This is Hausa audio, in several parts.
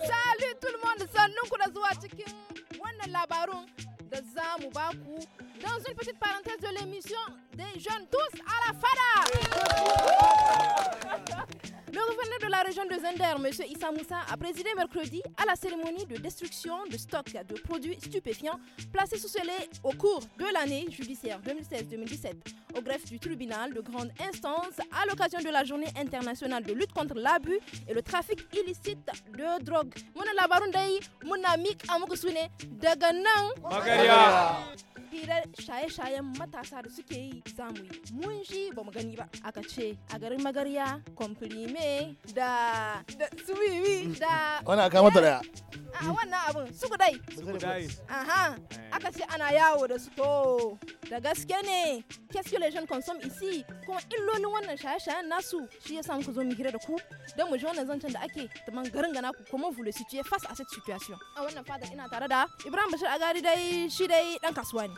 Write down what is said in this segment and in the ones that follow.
Salut tout le monde, c'est nous zuwa cikin wannan labarun da Dans une petite parenthèse de l'émission des jeunes tous, de Zender, M. Issa Moussa a présidé mercredi à la cérémonie de destruction de stocks de produits stupéfiants placés sous scellés au cours de l'année judiciaire 2016-2017 au greffe du tribunal de grande instance à l'occasion de la journée internationale de lutte contre l'abus et le trafic illicite de drogue. hirar shaye-shayen matasa da suke yi zamu yi mun shi ba mu gani ba aka ce a garin magarya komprime da da suwiwi da wani aka mata daya eh, a wannan abin su gudai aha aka ce ana yawo da su to da gaske ne kesculation consume isi kuma illolin wannan shaye-shayen nasu shi samu ku zo mu hira da ku don mu ji wannan zancen da ake taman garin gana ku kuma vule su ce face a cette situation a wannan fada ina tare da Ibrahim Bashir Agari dai shi dai dan kasuwa ne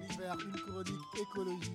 une chronique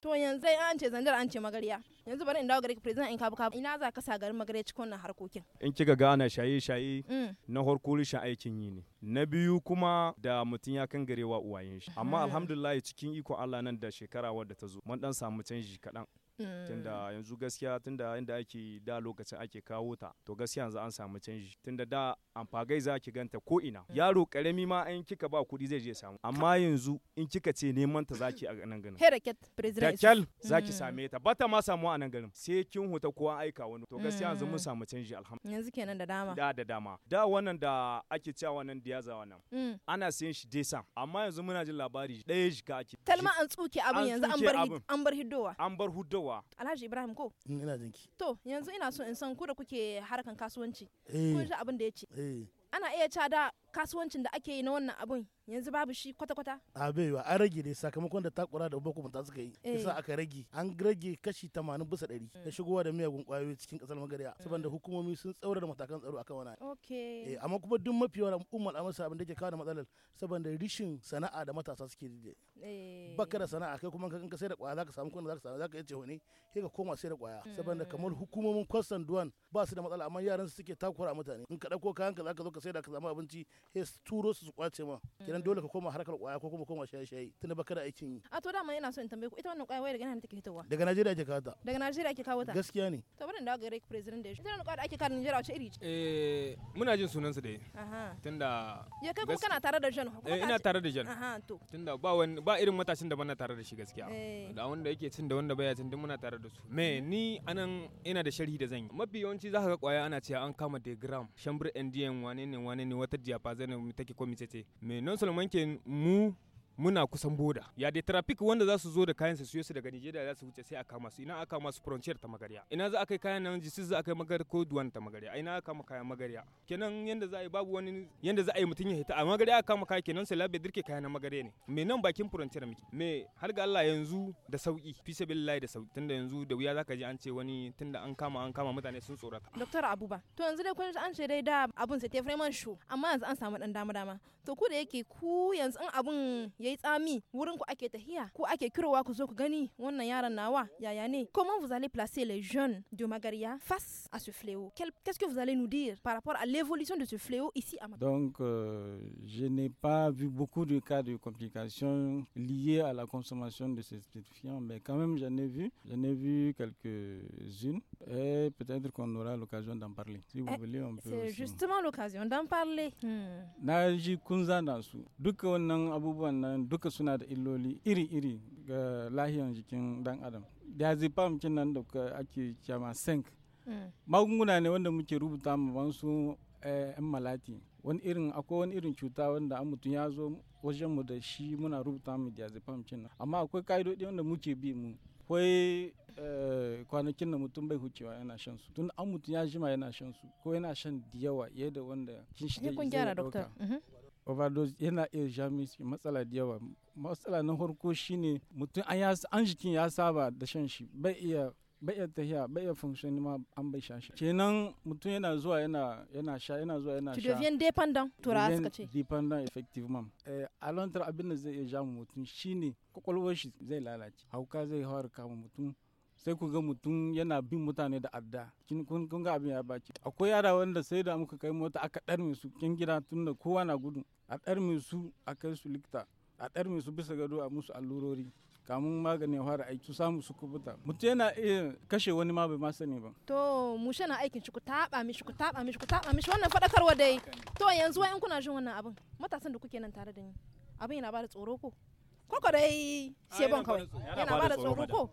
To yanzu an ce zandar an ce magariya. Yanzu bari in dawo gare ki president in kabu kabu ina za ka sa garin magariya cikin wannan harkokin. In kika gana shaye shaye mm. na harko rishin aikin yi ne. Na biyu kuma da mutum ya kan garewa uwayen shi. Amma mm. alhamdulillah cikin iko Allah nan da shekara wadda ta zo mun dan samu canji kaɗan. Mm. tunda yanzu gaskiya tunda inda ake da lokacin ake kawo ta to gaskiya yanzu an samu canji tunda da amfagai za ki ganta ko ina mm. yaro karami ma in kika ba kuɗi zai je samu amma yanzu in kika ce neman ta zaki a nan ganin heraket president kyal zaki mm. same ta bata ma samu a nan ganin sai kin huta ko an aika wani to gaskiya yanzu mun samu canji alhamdulillah yanzu kenan da dama da da dama da wannan da ake cewa wannan diyaza wannan ana sayan shi sam amma yanzu muna jin labari ɗaya jika ake talma an tsuke abin yanzu an bar hiddowa an bar hiddowa yawa alhaji ibrahim ko mm, ina jinki to yanzu ina so in san ku da kuke harkan kasuwanci eh. ko shi abin da ya ce eh. ana iya cada kasuwancin da ake yi na wannan abun yanzu babu shi kwata-kwata a baiwa an rage ne sakamakon da takura da boko mata suka yi isa eh. aka rage an rage kashi 80 bisa 100 mm. na shigowa da miyagun kwayoyi cikin kasar magariya mm. saboda hukumomi sun tsaurar matakan tsaro akan wannan okay eh, amma kuma duk mafi yawan al'ummar amsa abin da ke kawo matsalar saboda rishin sana'a da matasa suke da eh. baka da sana'a kai kuma kan ka sai da kwaya zaka samu kuɗin zaka samu zaka yace hone sai ka koma sai da kwaya mm. saboda kamar hukumomin kwastan duwan ba su da matsala amma yaran su suke takura mutane in ka dauko kayan ka zaka zo ka sai da ka samu abinci sai turo su su kwace ma kenan dole ka koma harkar kwaya ko kuma koma shaye-shaye tunda baka da aikin yi a to dama ina so in tambaye ku ita wannan kwaya wai daga nan take fitowa daga Najeriya ake kawo ta daga Najeriya ake kawo ta gaskiya ne to bari in dawo gare ku president da shi ita wannan kwaya da ake kawo Najeriya wace iri ce eh muna jin sunan su dai tunda ya kai kuma kana tare da Jan eh ina tare da Jan aha to tunda ba wani ba irin matashin da bana tare da shi gaskiya eh. da wanda yake cin da wanda baya cin duk muna tare da su me ni anan ina da sharhi da zan yi mafi yawanci zaka ga kwaya ana cewa an kama da gram shambur ndn wane ne wane ne wata diapazen take ko micece me non seulement que mou muna kusan boda ya dai traffic wanda za su zo da kayan su su daga Nigeria za su wuce sai a kama su ina aka kama su frontier ta magarya ina za a kai kayan nan jisis za a kai magar ko duwan ta magarya ina aka kama kayan magarya kenan yanda za a yi babu wani yanda za a yi mutun ya hita a magarya aka kama kayan kenan sai labe dirke kayan na magarya ne me nan bakin frontier miki me har ga Allah yanzu da sauki fi sabilillahi da sauki tunda yanzu da wuya zaka ji an ce wani tunda an kama an kama mutane sun tsorata Dr. Abuba to yanzu dai kun an ce dai da abun sai te freeman shu amma yanzu an samu dan dama dama to ku da yake ku yanzu an abun ya comment vous allez placer les jeunes de Magaria face à ce fléau qu'est-ce que vous allez nous dire par rapport à l'évolution de ce fléau ici à Magaria Donc euh, je n'ai pas vu beaucoup de cas de complications liées à la consommation de ces stupéfiants mais quand même j'en ai vu j'en ai vu quelques-unes et peut-être qu'on aura l'occasion d'en parler si vous eh, voulez on peut c'est justement l'occasion d'en parler hmm. duka wannan nan duka suna da illoli iri-iri ga lahiyar jikin dan adam diazepam kin nan da ake cewa sink mm. magunguna ne wanda muke rubuta ma wasu 'yan eh, malati wani irin akwai wani irin cuta wanda an mutum ya zo wajen mu da shi muna rubuta mu diazepam cin nan amma akwai ka'idodi wanda muke bi mu akwai eh, kwanakin da mutum bai hucewa yana shan su tun an mutum ya jima yana shan su ko yana shan da yawa yadda wanda kin shi da zai overdose yana iya ja mishi matsala da yawa matsala na harko shine mutum an an jikin ya saba da shan shi bai iya bai iya tahiya bai iya function ma an bai sha shi kenan mutum yana zuwa yana yana sha yana zuwa yana sha tu dependent to tura suka ce dépendant effectivement eh a lantar abin da zai iya ja mutum shine kokolwar shi zai lalace hauka zai hawar kama mutum sai ku ga mutum yana bin mutane da adda kun ga abin ya baci akwai yara wanda sai da muka kai mota aka ɗan su kin gida tun da kowa na gudu a ɗarmi su a kai su likita a ɗarmi su bisa gado a musu allurori kamun magani ya fara aiki su samu su kubuta mutum yana iya kashe wani ma bai ma sani ba to mushe na aikin shi ku taba mishi ku taba mishi ku taba mishi wannan fadakarwa dai to yanzu wai in kuna jin wannan abin matasan da kuke nan tare da ni abin yana bada tsoro ko koko dai ban kawai yana bada tsoro ko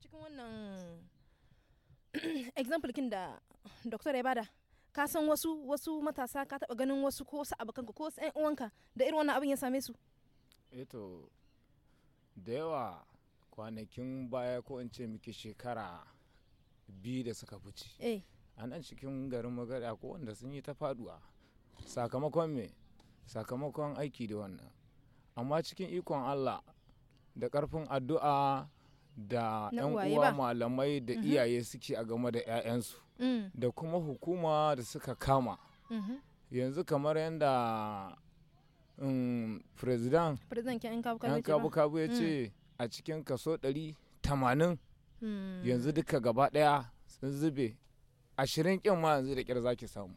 cikin wannan example kin da doctor ya bada ka san wasu wasu matasa ka taba ganin wasu ko wasu abokanka ko wasu 'yan uwanka da irin wannan abin ya same su eto eh da yawa kwanakin baya ko in ce miki shekara biyu da suka fice eh. a nan cikin garin magana ko wanda sun yi ta faduwa sakamakon me sakamakon aiki da wannan amma cikin ikon allah da karfin addu'a da 'yan uwa malamai da mhm. iyaye suke a game da 'ya'yansu mm. da kuma hukuma da suka kama mhm. yanzu kamar yadda um, yan kabu-kabu ya ce mm. a cikin kaso 180 mm. yanzu duka gaba daya sun zube ashirin kin ma yanzu da kyar zaki samu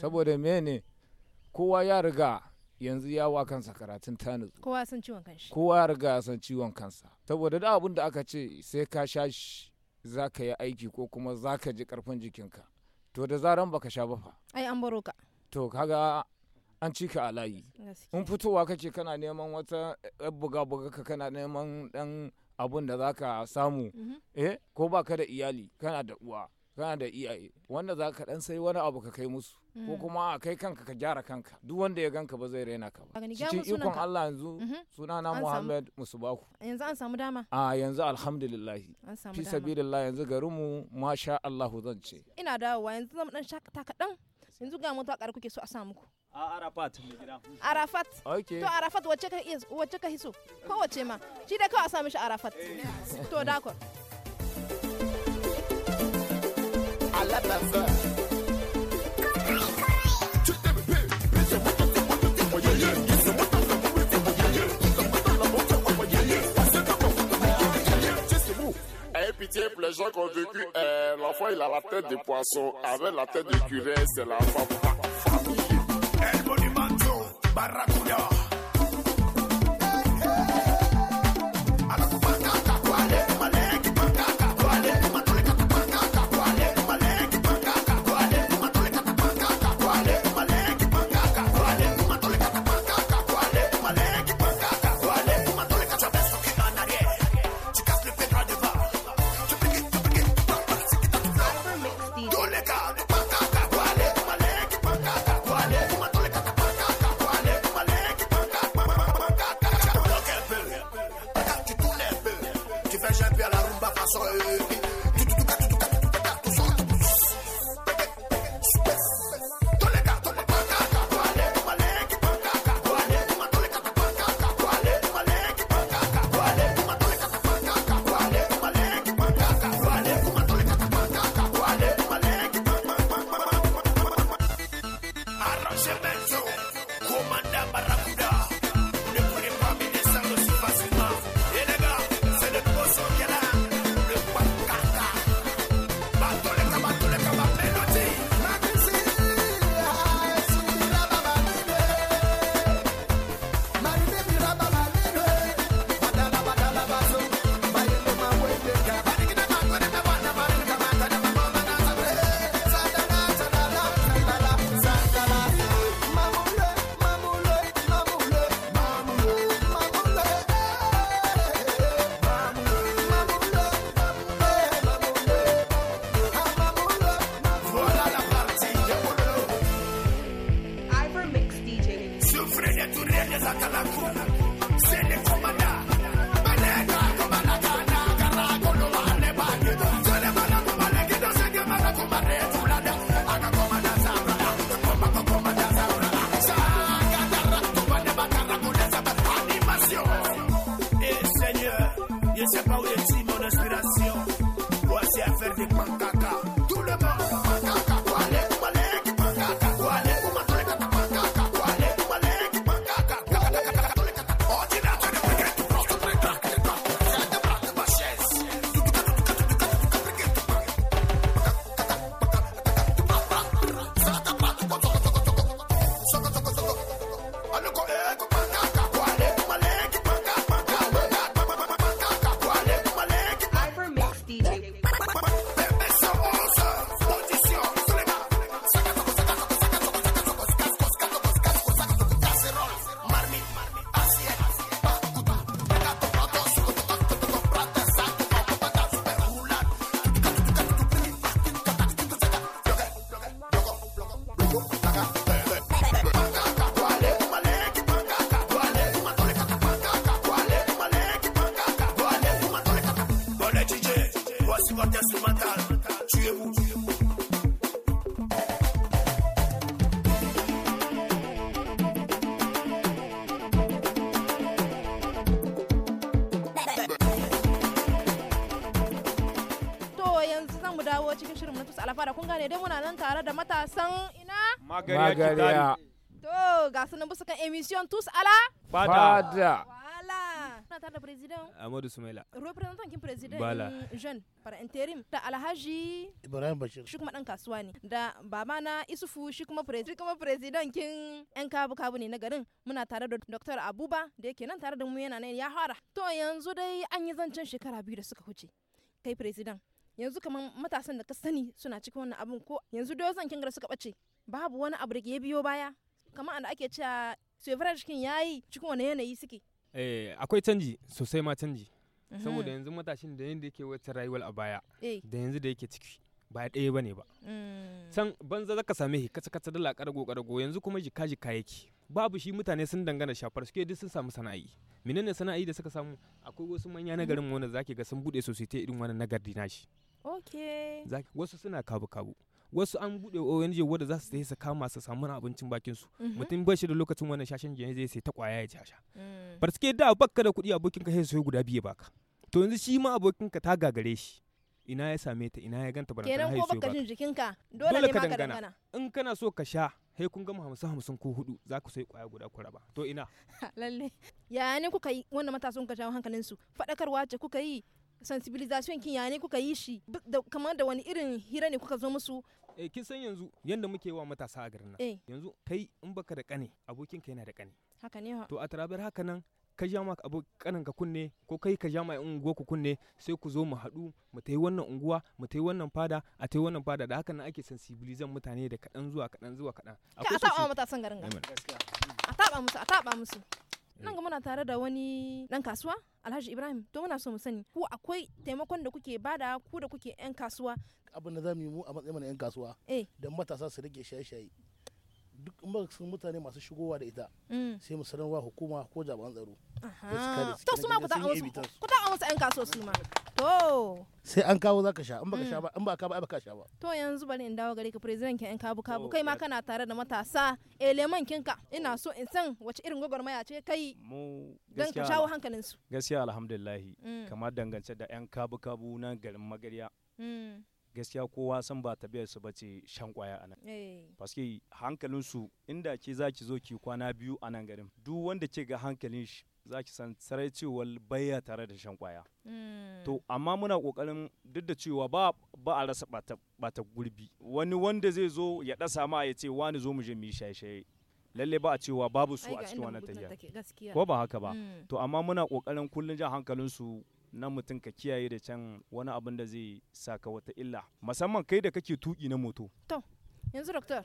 saboda mene kowa ya riga yanzu ya wa kansa karatun tanu kowa san ciwon kansa. kowa riga san ciwon kansa saboda da abin da aka ce sai ka sha shi za ka yi aiki ko kuma za ka ji karfin jikinka to da zaran baka sha ba fa ai an baro ka to kaga an ci ka a layi in fitowa kake kana neman wata eh, buga buga ka kana neman dan abun da za ka samu mhm. eh ko baka da iyali kana da uwa kana da iyaye wanda za ka dan sai wani abu ka kai musu ko mm. kuma kai kanka ka gyara kanka duk wanda ya ganka ba zai raina ka ba cikin ikon Allah yanzu mm-hmm. sunana Muhammad Musubaku yanzu an samu dama a yanzu alhamdulillah fi sabilillah yanzu garinmu masha Allah zan ce ina dawowa yanzu zan dan shakata kaɗan yanzu ga mota ƙar kuke so a samu ku a Arafat gida. Arafat okay to Arafat wacce ka wacce ka hiso ko wacce ma shi da kawai a samu shi Arafat eh. to dako. Allah gens qui euh, l'enfant il a la tête de poisson, avec la tête de curé, c'est la femme. El eh, Monumento, Barracuda. muna nan tare da matasan ina magariya to ga su nan kan emission tous ala fada wala na tare da president amadu sumaila representant kin president bala jeune par interim da alhaji ibrahim bashir shi kuma dan kasuwa ne da babana isufu shi kuma president kuma president kin yan kabu kabu ne na garin muna tare da dr abuba da yake nan tare da mu yana nan ya fara to yanzu dai an yi zancen shekara biyu da suka huce kai president yanzu kamar matasan da ka sani suna cikin wannan abun ko yanzu dozan kin suka bace babu wani abu da ke biyo baya kamar da ake cewa sevrage cikin yayi cikin wani yanayi suke eh akwai canji sosai ma canji saboda yanzu matashin da yanda yake wata rayuwar a baya eh. da yanzu da yake ciki ba ɗaya bane ba mm. can banza zaka same shi kasa kasa dala karago karago yanzu kuma jika jika yake babu shi mutane sun dangana shafar suke duk sun samu sana'a'i menene sana'a'i da suka samu akwai wasu manya na garin wanda zaki ga sun bude sosai ta irin wannan nagardi nashi okay wasu suna kabu kabu wasu an buɗe ONG wadda za su sai kama su samu abincin bakin su mhm. mutum ba shi da lokacin wannan shashin jini zai sai ta kwaya ya jasha bar mm. suke da bakka da kuɗi abokin ka sai su guda biyu baka to yanzu shi ma abokin ka ta gagare shi ina ya same ta ina ya ganta barantana kenan ko baka jikinka dole ne ma ka dangana in kana so ka sha sai kun gama hamsin hamsin ko hudu za ku sai kwaya guda ku raba to ina lalle ya ne kuka yi wannan matasan kuka jawo hankalin su faɗakarwa ce kuka yi sensibilization kin ya ne kuka yi shi kamar da wani irin hira ne kuka zo musu eh kin san yanzu yanda muke wa matasa a garin nan eh. yanzu kai in baka da kane abokin ka yana da kane haka ne to a tarabar haka nan ka ja ma abokanan ka kunne ko kai ka ja ma unguwa ku kunne sai ku zo mu haɗu mu tai wannan unguwa mu tai wannan fada a tai wannan fada da haka nan ake sensibilizan mutane da kaɗan zuwa kaɗan zuwa kaɗan a taɓa matasan garin garin a taɓa musu a taɓa musu nan ga muna tare da wani dan kasuwa alhaji ibrahim to muna so mu sani ku akwai taimakon da kuke bada ku da kuke yan kasuwa abin da zamu yi mu a matsayin yan kasuwa eh. don matasa su rage shaye-shaye duk sun mutane masu shigowa da ita mm. sai mu sanarwa hukuma ko jami'an tsaro to su ma ku ta a wasu yan kasuwa su ma to sai an kawo zaka sha in baka mm. sha ba in ba ka ba baka sha ba to yanzu bari in dawo gare ka president kin kabu kabu kai ma kana tare da matasa eleman eh, kinka ina so in san wace irin gwagwarmaya ce kai mu dan ka shawo hankalin su gaskiya alhamdulillah mm. kamar dangance da yan kabu kabu na garin magarya mm. gaskiya kowa san ba biyar su bace shan kwaya anan eh. paske hankalin su inda ke zaki zo ki kwana biyu anan garin duk wanda ke ga hankalin shi za ki san sarai cewar baya tare da shan kwaya mm. to amma muna kokarin duk da cewa ba a rasa bata gurbi wani wanda zai zo ya ɗasa ma ya ce wani zo mu je mu yi shaye-shaye lalle ba a cewa babu su a cikin wannan tafiya ko ba haka ba mm. to amma muna kokarin kullum jan hankalin su na mutum ka kiyaye da can wani abin da zai saka wata illa musamman kai da kake tuƙi na moto to yanzu doctor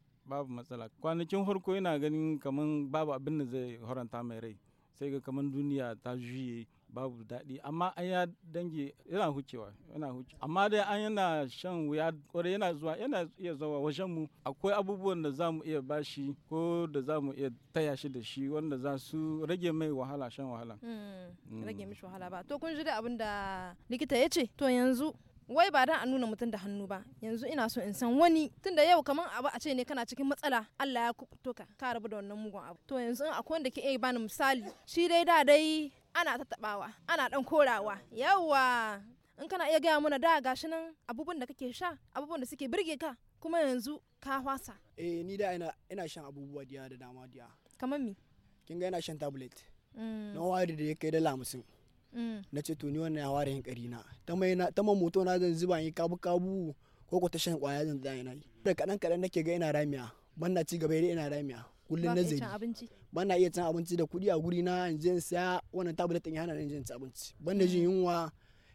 babu matsala kwanakin farko ina ganin kaman babu abin da zai horanta mai rai sai ga kamar duniya ta juye babu daɗi amma an ya dange yana hucewa yana huce amma dai an yana shan wuya kwarai yana zuwa yana iya zawa wajen mu akwai abubuwan da za mu iya bashi ko da za mu iya taya shi da shi wanda za su rage mai wahala shan wahala hmm, hmm. rage mishi wahala ba to kun ji da abin da likita ya ce to yanzu wai ba dan a nuna mutum da hannu ba yanzu ina so in san wani tunda yau kaman abu a ce ne kana cikin matsala Allah ya kuto ka ka rabu da wannan mugun abu to yanzu in akwai wanda ke iya bani misali shi dai da dai ana tattabawa ana dan korawa yawa in kana iya gaya mana da gashi nan abubuwan da kake sha abubuwan da suke birge ka kuma yanzu ka hwasa eh ni da ina ina shan abubuwa diya da dama diya kaman me kin ga ina shan tablet mm. na wari da ya kai da lamusin Mm. na ce tuni wannan ya ware hankali na ta mai na ta moto na zan zuba yi kabu kabu ko ko ta shan kwaya zan zai na yi da kadan kadan nake ga ina ramiya ban na ci gaba dai ina ramiya kullun na zai ban na iya cin abinci da kudi a guri na in je in saya wannan tablet din yana in je in abinci ban na jin mm. yunwa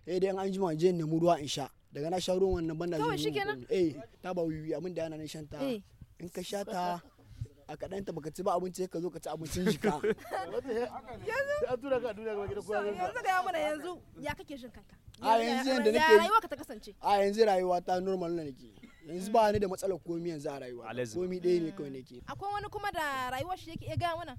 eh dai an jima in je in nemi ruwa in sha daga na sha ruwan wannan ban na jin yunwa eh ta ba wuyi abin da yana nan shan ta eh. in ka sha ta a kaɗan ta baka ci ba abinci ka zo ka ci abincin shi yanzu tura ka duniya gaba gida kowa yanzu da mana yanzu ya kake jin kanka a yanzu yanda nake ya rayuwa ka ta kasance a yanzu rayuwa ta normal na nake yanzu ba ni da matsalar komi yanzu a rayuwa komi ɗaya ne kawai nake akwai wani kuma da rayuwar shi yake ga mana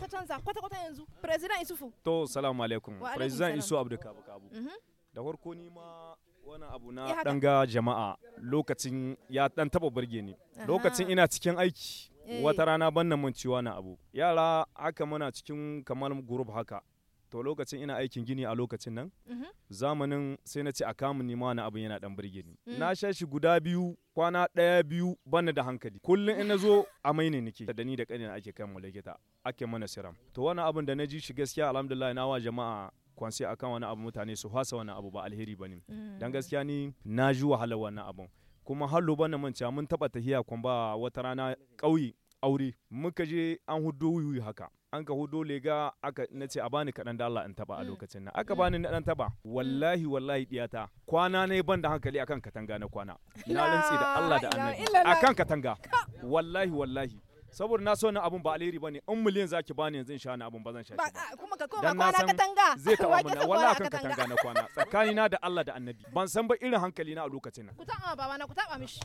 ta canza kwata kwata yanzu president isufu to salamu alaikum president isu abdu kabu kabu mhm. da farko ni ma wani abu na eh, ɗanga jama'a lokacin ya ɗan taɓa burge ni lokacin ina cikin aiki Eh. wata rana ban na mancewa na abu yara haka muna cikin kamar group haka to lokacin ina aikin gini a lokacin nan mm-hmm. zamanin sai na ce a kamun nima na abu yana dan birge ni mm. na sha shi guda biyu kwana ɗaya biyu bana da hankali kullum in na zo amai ne nake da ni da na ake kai mu likita ake mana siram to wani abun da na ji shi gaskiya alhamdulillah na wa jama'a kwanse akan wani abu mutane su fasa wani abu ba alheri bane mm. dan gaskiya ni na ji wahalar wani abun kuma hallo ba na manci mun taba tahiya kun wata rana ƙauye aure muka je an hudo wuyu haka an ka hudo lega aka na ce a bani kaɗan da Allah in taba a mm. lokacin nan aka bani na ɗan taba mm. wallahi wallahi diyata kwana ne ban da hankali akan katanga na kwana na rantsi da Allah da annabi akan katanga wallahi wallahi saboda na so ni abun ba alheri bane in miliyan zaki bani yanzu in sha ni abun ba zan sha ba kuma ka koma kwana katanga zai taɓa mun wallahi kan katanga na kwana tsakani na da Allah da Annabi ban san ba irin hankali na a lokacin nan ku taɓa ba na ku taɓa mishi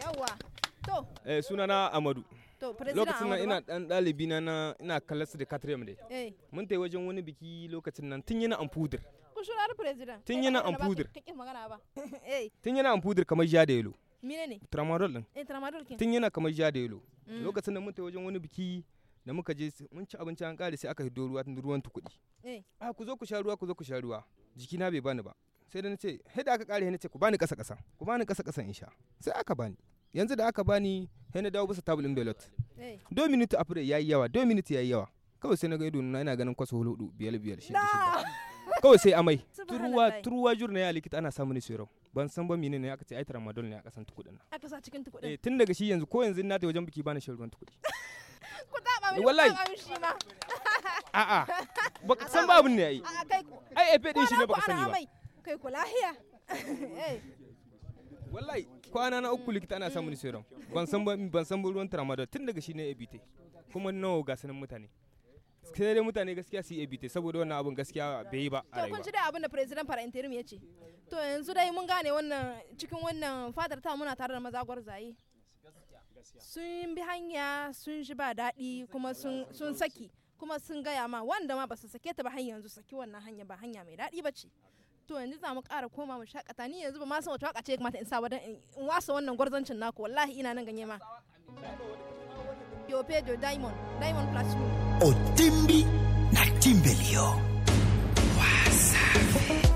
yawa to eh na Amadu lokacin nan ina dan dalibi na na ina kallon su da katriyam dai eh. mun tai wajen wani biki lokacin nan tun yana amfudir kushurar president tun yana amfudir eh. tun yana amfudir kamar ja da yalo mine ne tramadol din eh tramadol kin tun yana kamar ja da yelo mm. lokacin da mun ta wajen wani biki da muka je mun ci abinci an kare sai aka hido ruwa tun ruwan tukudi eh ah ku zo ku sha ruwa ku zo ku sha ruwa jikina bai bani ba sai da nace sai da aka kare nace ku bani kasa kasa ku bani kasa kasa in sha sai aka bani yanzu da aka bani sai na dawo bisa tabulin belot eh. do minute afre yayi yawa do minute yayi yawa kawai sai na ga ido na ina ganin kwaso hudu biyar biyar shi kawai sai amai turuwa turuwa jurna ya likita ana samu ni sirau ban san ba mene ne aka ce ai tramadol ne a kasan tukudin nan aka sa cikin tukudin eh tun daga shi yanzu ko yanzu ina ta wajen biki bani shan tukudi ku ba mu wallahi shi ma ba ka san ba abin ne ai ai efe din shi ne ba ka sani ba kai ku lahiya wallahi kwana na uku likita ana samun serum ban san ban san ruwan tramadol tun daga shi ne ebite kuma nawa ga sanin mutane sai dai mutane gaskiya su yi abita saboda wannan abun gaskiya bai yi ba a rayuwa. kun ci da abin da president para interim ya ce to yanzu dai mun gane wannan cikin wannan fadar ta muna tare da maza gwarzaye sun bi hanya sun shi ba daɗi kuma sun saki kuma sun gaya ma wanda ma ba su sake ta ba hanya yanzu saki wannan hanya ba hanya mai daɗi ba ce to yanzu za mu ƙara koma mu shakata ni yanzu ba ma san wata waka ce ya kamata in sa wadan in wasa wannan gwarzancin naku wallahi ina nan ganye ma. développé de Diamond, Diamond Platform. Otimbi na Timbelio. Wasafi.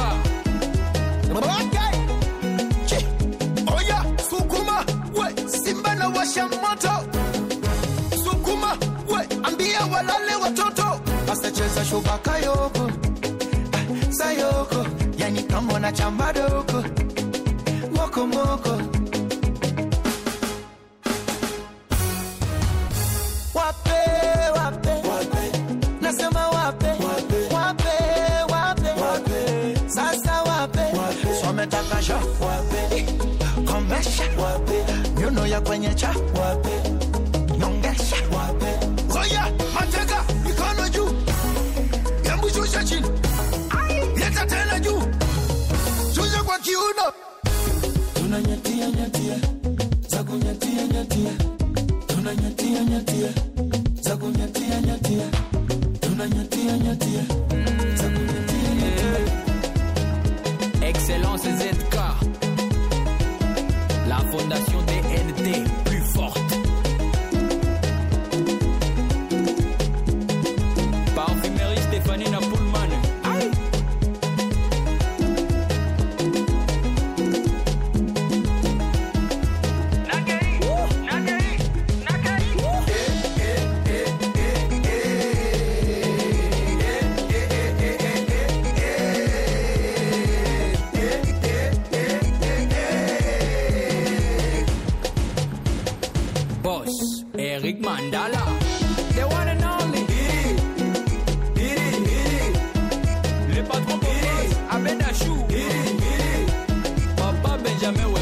kashoba kayoko ah, sayoko yani kama na chamba doko moko moko wape wape, wape. nasema wape wape wape, wape. wape. sasa wape, wape. swametakasho wape komesha eh, wape nyuno ya kwenye cha wape tunanyatia nyatia, za kunyatia nyatia, tunanyatia nyatia boss, Eric Mandala. The one and only. Didi, Didi, Didi. Le patron pour boss, Abedachou. Papa Benjamin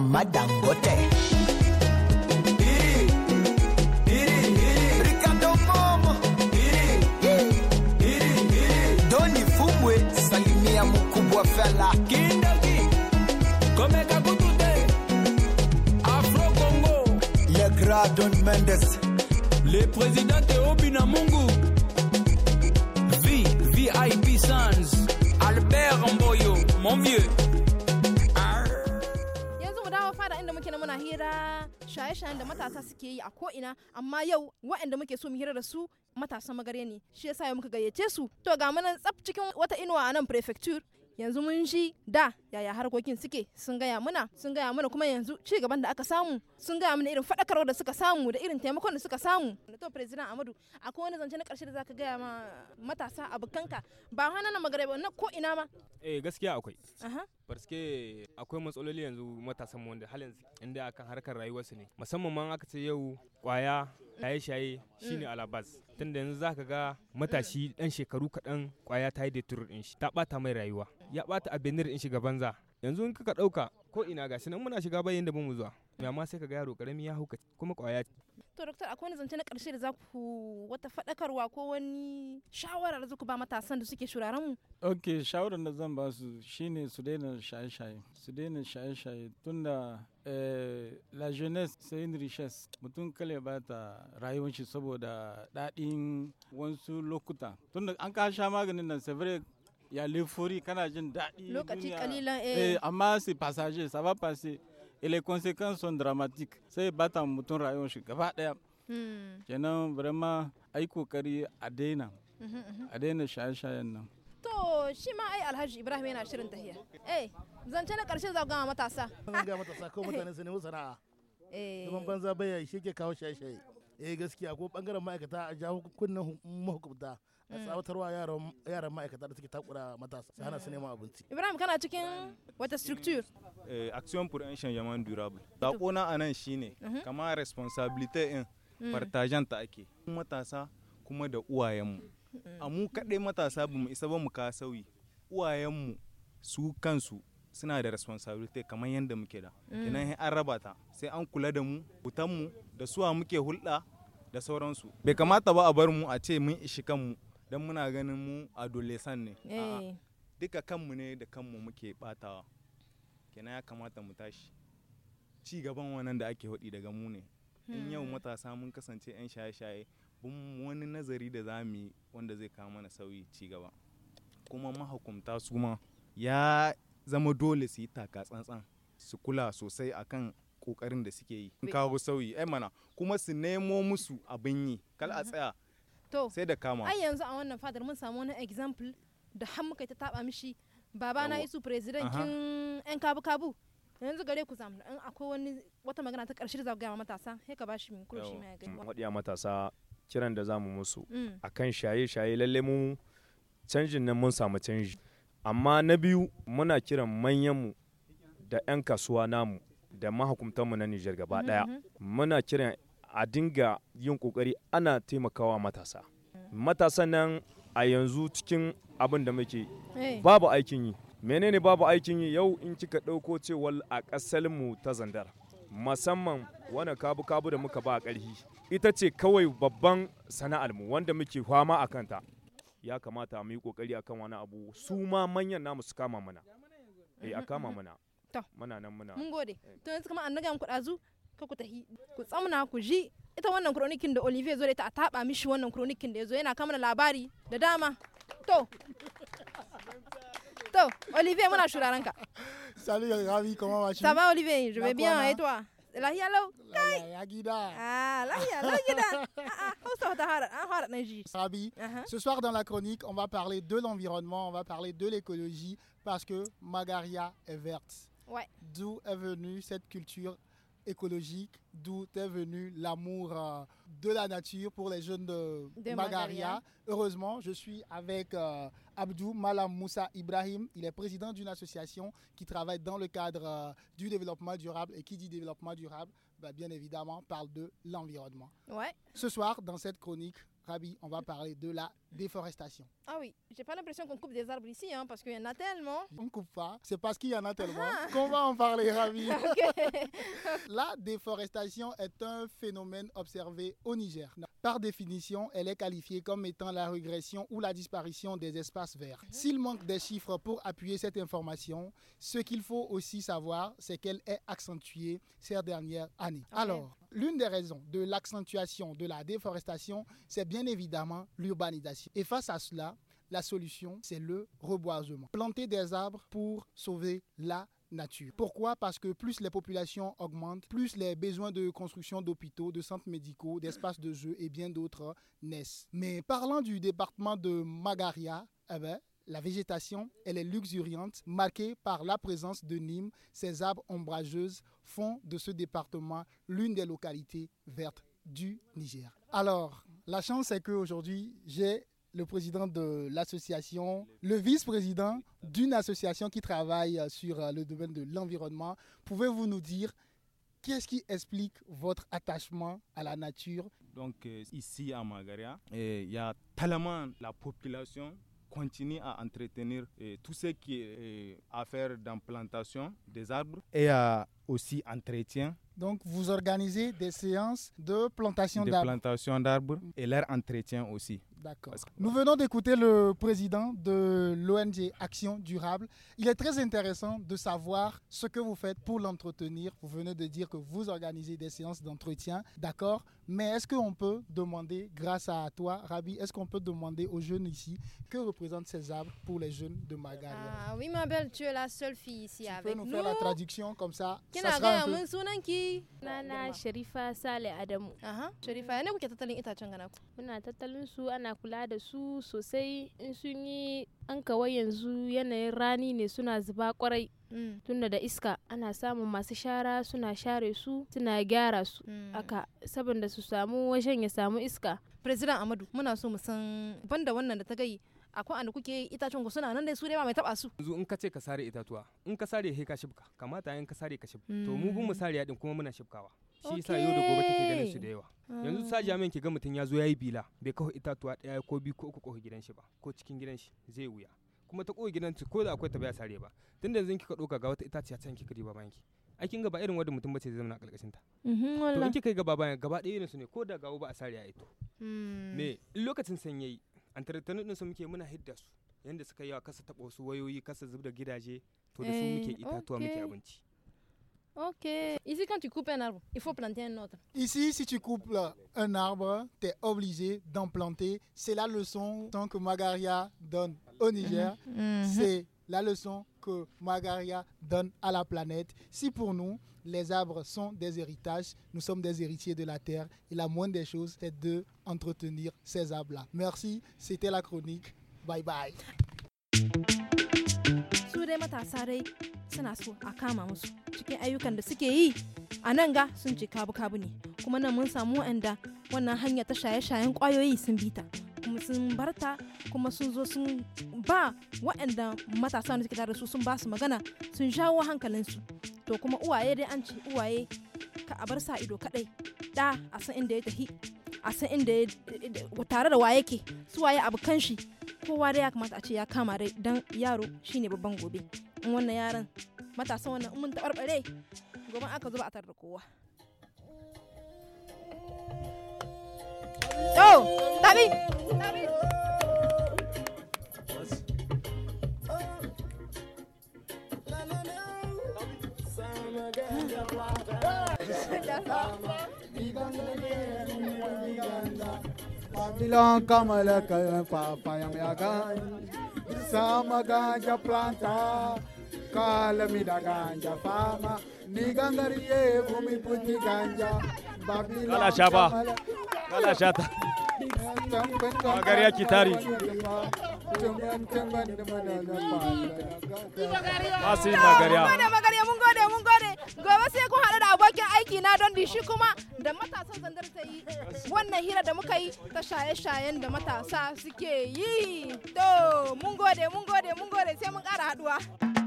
Madame Ricardo Momo Donny dangote salimia mkubwa fela kindaki comme kutute afro congo le Gra don mendes le président de na mungu v vip sans albert mboyo mon vieux dawo fada inda muke na muna hira shaye-shayen da matasa suke yi a ko'ina amma yau waɗanda muke so mu hira da su matasan magare ne shi yasa yau muka gayyace su to ga munan tsaf cikin wata inuwa a nan prefecture yanzu mun ji da yaya harkokin suke sun gaya muna sun gaya muna kuma yanzu ci gaban da aka samu sun gaya mana irin faɗakarwar da suka samu da irin taimakon da suka samu da to president amadu akwai wani zance na ƙarshe da zaka gaya ma matasa abokanka ba hana na magare ba na ko ina ma eh gaskiya akwai barske akwai matsaloli yanzu matasan mu wanda halin inda akan harkar rayuwarsu ne musamman ma aka ce yau kwaya shaye-shaye shine mm. alabas. tunda yanzu zaka ga matashi dan mm. shekaru kaɗan kwaya ta yi da detur din shi ta bata mai rayuwa ya bata abenir din shi ga banza yanzu in kaka ɗauka ko ina gashi nan muna shiga bayan da mu zuwa amma sai kaga yaro karami ya hauka kuma kwaya to doktor akwai wani zance na karshe da za ku wata faɗakarwa ko wani shawara da ku ba matasan da suke shuraren mu ok shawarar da zan ba su shine su daina shaye-shaye su daina shaye-shaye tun da eh, la jeunesse c'est une richesse mutum kale ba ta rayuwar shi saboda daɗin wasu lokuta Tun da an ka sha maganin nan severe ya lefori kana jin daɗi lokaci kalilan eh. eh amma c'est passager ça va passer et les conséquences sont dramatiques C'est battre bata mouton rayon chez Gavadia. Je n'ai vraiment ai kokari a daina mhm, mhm. a daina shaye-shayen nan to shi ma ai alhaji ibrahim yana shirin tahiya eh zance na karshe za gama matasa zan ga matasa ko mutane su nemi sana'a eh kuma banza baya shi ke kawo shaye-shaye eh gaskiya ko bangaren ma'aikata a jawo kunnen mahukunta a mm. tsawatarwa yaran ma'aikata da suke takura matasa su hana su neman abinci. Ibrahim kana cikin wata structure? Eh, Action pour un changement durable. Sako na anan shine mhm. kama responsibility in mm. partajan ta ake. Matasa kuma da uwayenmu. Mm. A mu kaɗai matasa ba mu isa ba mu ka sauyi. Uwayenmu su kansu suna da responsibility kamar yadda muke da. Kenan an raba ta sai an kula da mu, mu da suwa muke hulɗa da sauransu. Bai kamata ba a bar mu a ce mun ishi kanmu don muna ganin mu adolescent ne eh. duka kanmu ne da kanmu muke batawa kenan ya kamata mu tashi ci gaban wannan da ake hudi daga mu ne in hmm. yau matasa mun kasance 'yan shaye-shaye bin wani nazari da za mu yi wanda zai kawo mana sauyi ci gaba kuma mahukunta su ma ya zama dole su yi taka tsantsan su kula sosai akan kokarin da suke yi kawo sauyi ai mana kuma su nemo musu abin yi kal a mhm. tsaya sai da kama ai yanzu a wannan fadar mun samu wani example da har muka ta taba mishi baba na isu president yan kabu kabu yanzu gare ku zamu in akwai wani wata magana ta karshe da zaka ga matasa sai ka bashi min kurshi mai gani wadiya matasa kiran da zamu musu mm. akan shaye shaye lalle mu canjin nan mun samu canji amma na biyu muna kiran manyan mu da 'yan kasuwa namu da mu na Nijar gaba daya mm-hmm. muna kiran a dinga yin kokari ana taimakawa matasa matasan nan a yanzu cikin abin da muke eh. babu aikin yi menene babu aikin yi yau in kika ɗauko cewar a ƙasar mu ta zandar musamman wani kabu-kabu da muka ba a ƙarfi ita ce kawai babban sana'ar mu wanda muke fama a kanta ya kamata mu yi kokari akan wani abu su ma manyan namu su kama mana eh a kama mana muna nan muna mun gode eh. to yanzu kuma an naga muku ɗazu ko ku tahi ku tsamna ku ji ita wannan kronikin da Olivier zo da ita taba mishi wannan kronikin da yazo yana kama labari da dama to to Olivier muna shuraranka salut Ravi comment vas-tu ça va Olivier je vais bien et toi lahiya lau kai lahiya gida ah lahiya lau gida Rabi, ce soir dans la chronique, on va parler de l'environnement, on va parler de l'écologie parce que Magaria est verte. Ouais. D'où est venue cette culture écologique, d'où est venu l'amour euh, de la nature pour les jeunes de, Magaria. Heureusement, je suis avec euh, Abdou Malam Moussa Ibrahim. Il est président d'une association qui travaille dans le cadre euh, du développement durable. Et qui dit développement durable, bah, bien évidemment, parle de l'environnement. Ouais. Ce soir, dans cette chronique, Rabi, on va parler de la déforestation. Ah oui, j'ai pas l'impression qu'on coupe des arbres ici, hein, parce qu'il y en a tellement. On coupe pas, c'est parce qu'il y en a tellement ah. qu'on va en parler, Rabi. la déforestation est un phénomène observé au Niger par définition, elle est qualifiée comme étant la régression ou la disparition des espaces verts. Mhm. S'il manque des chiffres pour appuyer cette information, ce qu'il faut aussi savoir, c'est qu'elle est accentuée ces dernières années. Ah Alors, l'une des raisons de l'accentuation de la déforestation, c'est bien évidemment l'urbanisation. Et face à cela, la solution, c'est le reboisement. Planter des arbres pour sauver la nature. Pourquoi Parce que plus les populations augmentent, plus les besoins de construction d'hôpitaux, de centres médicaux, d'espaces de jeux et bien d'autres naissent. Mais parlant du département de Magaria, eh ben, la végétation, elle est luxuriante, marquée par la présence de Nîmes. Ces arbres ombrageuses font de ce département l'une des localités vertes du Niger. Alors, la chance est qu'aujourd'hui, j'ai le président de l'association, le vice-président d'une association qui travaille euh, sur euh, le domaine de l'environnement. Pouvez-vous nous dire Qu'est-ce qui explique votre attachement à la nature Donc euh, ici à Magaria, il y a tellement la population continue à entretenir tout ce qui est à faire d'implantation des arbres et aussi entretien. Donc vous organisez des séances de plantation d'arbres. De plantation d'arbres et leur entretien aussi. D'accord. Nous venons d'écouter le président de l'ONG Action Durable. Il est très intéressant de savoir ce que vous faites pour l'entretenir. Vous venez de dire que vous organisez des séances d'entretien, d'accord Mais est-ce qu'on peut demander, grâce à toi, Rabi, est-ce qu'on peut demander aux jeunes ici que représentent ces arbres pour les jeunes de Magali Ah oui, ma belle, tu es la seule fille ici tu avec nous. peux nous faire la traduction comme ça, ça sera un peu... Nana Sherifa Saleh Adamu. Sherifa, su ana kula da su sosai in sun yi an kawai yanzu yanayin rani ne suna zuba kwarai mm. tunda da iska ana samun masu shara suna share su suna gyara su mm. aka saboda su samu wajen ya samu iska president amadu muna so mu san banda wannan da ta gai akwai anda kuke itacen ku suna nan dai su dai ba mai taba su yanzu in ka ce ka sare itatuwa in ka sare he ka shibka kamata in ka sare ka shibka to mu mm. bin mu sare din kuma muna shibkawa shi yasa yau da gobe kake ganin su da yawa yanzu ah. sa jami'an ki ga mutum ya zo yayi bila bai kawo itatuwa daya ko biyu ko uku ko gidan shi ba ko cikin gidan shi zai wuya kuma ta kowa gidan ko da akwai ta baya sare ba da yanzu kika ɗauka ga wata itaciya can kika riba bayan ki a kin ba irin wanda mutum bace zai zama a ƙarƙashin ta mhm, to in kika yi gaba bayan gaba ɗaya su ne ko da gawo ba a sare a ito hmm. me lokacin sanyi an taratanu din su muke muna hidda su yanda suka yi wa kasa taɓa wasu wayoyi kasa zubda gidaje to da su muke eh, itatuwa muke abinci Ok. Ici, quand tu coupes un arbre, il faut planter un autre. Ici, si tu coupes un arbre, tu es obligé d'en planter. C'est la leçon tant que Magaria donne au Niger. Mhm. Mhm. C'est la leçon que Magaria donne à la planète. Si pour nous, les arbres sont des héritages, nous sommes des héritiers de la terre et la moindre des choses, c'est de entretenir ces arbres-là. Merci, c'était la chronique. Bye bye. matasa dai suna so a kama musu cikin ayyukan da suke yi a nan ga sun ce kabu-kabu ne kuma nan mun samu wa'anda wannan hanya ta shaye-shayen kwayoyi sun bita kuma sun barta kuma sun zo sun ba wa'anda matasa da suke tare da su sun ba su magana sun jawo hankalinsu to kuma uwaye dai an ce uwaye ka a bar sa ido kadai da a san inda ya tafi a san inda eh, eh, tare da waye ke su waye kan shi kowa da ya kamata a ce ya kama rai dan yaro shine babban gobe in wannan yaran matasan wannan in mun taɓarɓare gobe aka zuba a tare da kowa Oh, Tabi! Tabi! Patilong kamalaka papayamaga Samaganja planta Kalamida ganja fama Nigangariye bumi puti ganja Babylon Kala shaba Kala shata Magaria kitari Masih Magaria Magaria munggode munggode Gowa seko abokin aiki na don shi kuma da matasa zandar ta yi wannan hira da muka yi ta shaye-shayen da matasa suke yi to mun gode mun gode mun gode sai mun kara haduwa